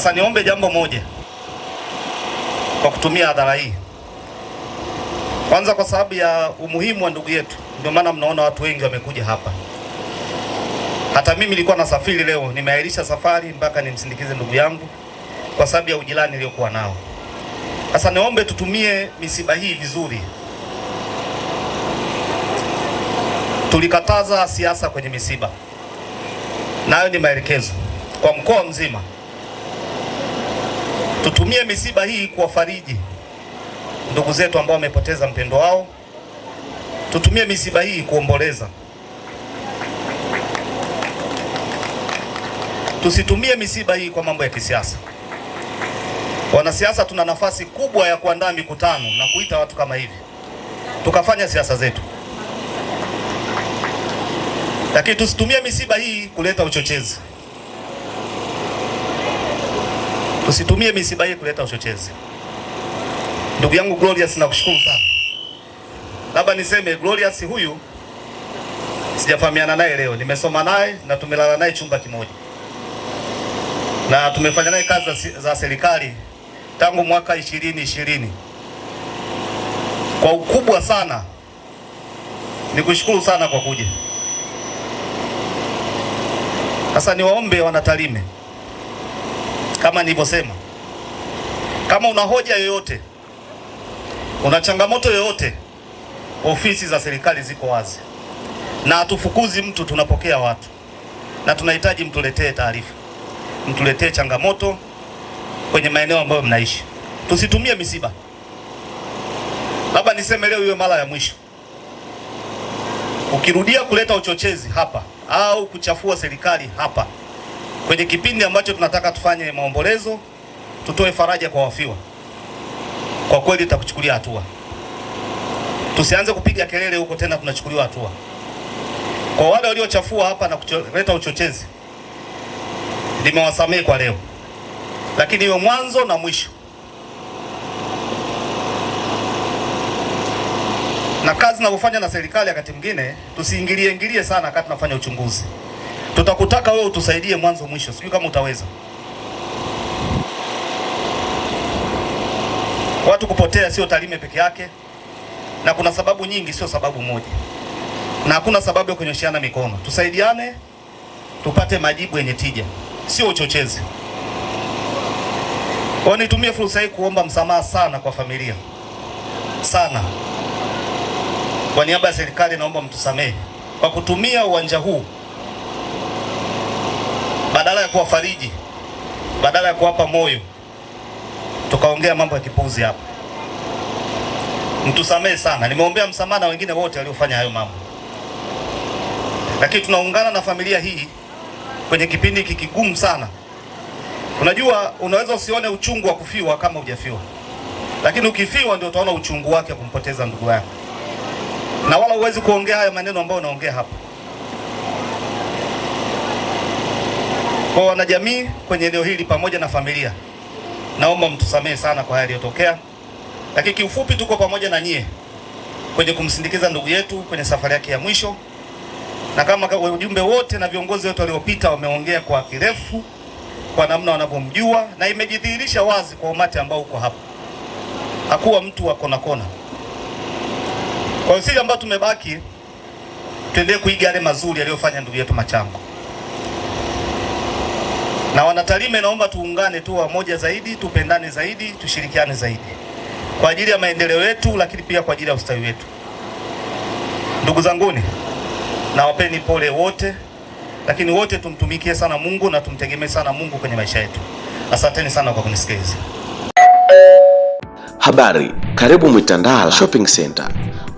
Sasa niombe jambo moja kwa kutumia hadhara hii, kwanza kwa sababu ya umuhimu wa ndugu yetu, ndio maana mnaona watu wengi wamekuja hapa. Hata mimi nilikuwa nasafiri leo, nimeahirisha safari mpaka nimsindikize ndugu yangu kwa sababu ya ujirani niliyokuwa nao. Sasa niombe tutumie misiba hii vizuri. Tulikataza siasa kwenye misiba, nayo ni maelekezo kwa mkoa mzima. Tutumie misiba hii kuwafariji ndugu zetu ambao wamepoteza mpendo wao. Tutumie misiba hii kuomboleza. Tusitumie misiba hii kwa mambo ya kisiasa. Wanasiasa tuna nafasi kubwa ya kuandaa mikutano na kuita watu kama hivi, tukafanya siasa zetu, lakini tusitumie misiba hii kuleta uchochezi. Usitumie misiba hii kuleta uchochezi. Ndugu yangu Glorious, nakushukuru sana. Labda niseme Glorious huyu sijafahamiana naye leo, nimesoma naye na tumelala naye chumba kimoja na tumefanya naye kazi za serikali tangu mwaka ishirini ishirini. Kwa ukubwa sana nikushukuru sana kwa kuja. Sasa niwaombe wanaTalime kama nilivyosema, kama una hoja yoyote, una changamoto yoyote, ofisi za serikali ziko wazi na hatufukuzi mtu, tunapokea watu na tunahitaji mtuletee taarifa, mtuletee changamoto kwenye maeneo ambayo mnaishi. Tusitumie misiba. Labda niseme leo iwe mara ya mwisho, ukirudia kuleta uchochezi hapa au kuchafua serikali hapa kwenye kipindi ambacho tunataka tufanye maombolezo, tutoe faraja kwa wafiwa, kwa kweli tutakuchukulia hatua. Tusianze kupiga kelele huko tena, tunachukuliwa hatua. Kwa wale waliochafua hapa na kuleta uchochezi, nimewasamehe kwa leo, lakini iwe mwanzo na mwisho. Na kazi kufanya na serikali, wakati mwingine tusiingilie ingilie sana wakati tunafanya uchunguzi tutakutaka wewe utusaidie mwanzo mwisho, sijui kama utaweza. Watu kupotea sio Tarime peke yake, na kuna sababu nyingi, sio sababu moja, na hakuna sababu ya kunyoshiana mikono. Tusaidiane tupate majibu yenye tija, sio uchochezi. Kwa nitumie fursa hii kuomba msamaha sana kwa familia sana. Kwa niaba ya serikali, naomba mtusamehe kwa kutumia uwanja huu badala ya kuwafariji, badala ya kuwapa moyo, tukaongea mambo ya kipuzi hapa. Mtusamehe sana, nimeombea msamaha na wengine wote waliofanya hayo mambo, lakini tunaungana na familia hii kwenye kipindi hiki kigumu sana. Unajua, unaweza usione uchungu wa kufiwa kama hujafiwa, lakini ukifiwa ndio utaona uchungu wake kumpoteza ndugu yako, na wala huwezi kuongea haya maneno ambayo unaongea hapa. Kwa wanajamii kwenye eneo hili pamoja na familia, naomba mtusamehe sana kwa haya yaliyotokea, lakini kiufupi, tuko pamoja na nyie kwenye kumsindikiza ndugu yetu kwenye safari yake ya mwisho, na kama ujumbe wote na viongozi wote waliopita wameongea kwa kirefu kwa namna wanavyomjua, na imejidhihirisha wazi kwa umati ambao uko hapa, hakuwa mtu wa kona kona. Kwa sisi ambao tumebaki, tuendelee kuiga yale mazuri aliyofanya ndugu yetu Machango. Na wanaTalime, naomba tuungane tu wamoja zaidi, tupendane zaidi, tushirikiane zaidi kwa ajili ya maendeleo yetu, lakini pia kwa ajili ya ustawi wetu. Ndugu zanguni, nawapeni pole wote, lakini wote tumtumikie sana Mungu na tumtegemee sana Mungu kwenye maisha yetu. Asanteni sana kwa kunisikiliza. Habari, karibu Mtandao Shopping Center.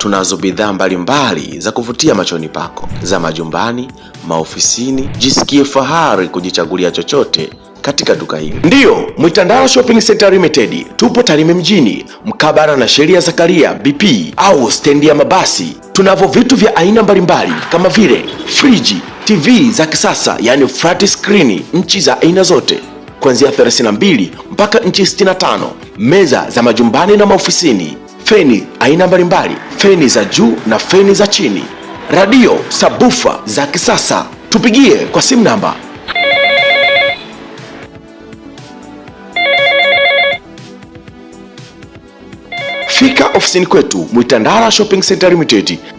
Tunazo bidhaa mbalimbali za kuvutia machoni pako za majumbani, maofisini. Jisikie fahari kujichagulia chochote katika duka hili. Ndiyo, Mtandao Shopping Center Limited, tupo Tarime mjini mkabara na sheria Zakaria BP au stendi ya mabasi. Tunavyo vitu vya aina mbalimbali kama vile friji, TV za kisasa yani flat screen, nchi za aina zote kuanzia 32 mpaka nchi 65, meza za majumbani na maofisini, feni aina mbalimbali feni za juu na feni za chini, radio, sabufa za kisasa. Tupigie kwa simu namba Fika ofisini kwetu Mwitandara Shopping Center Limited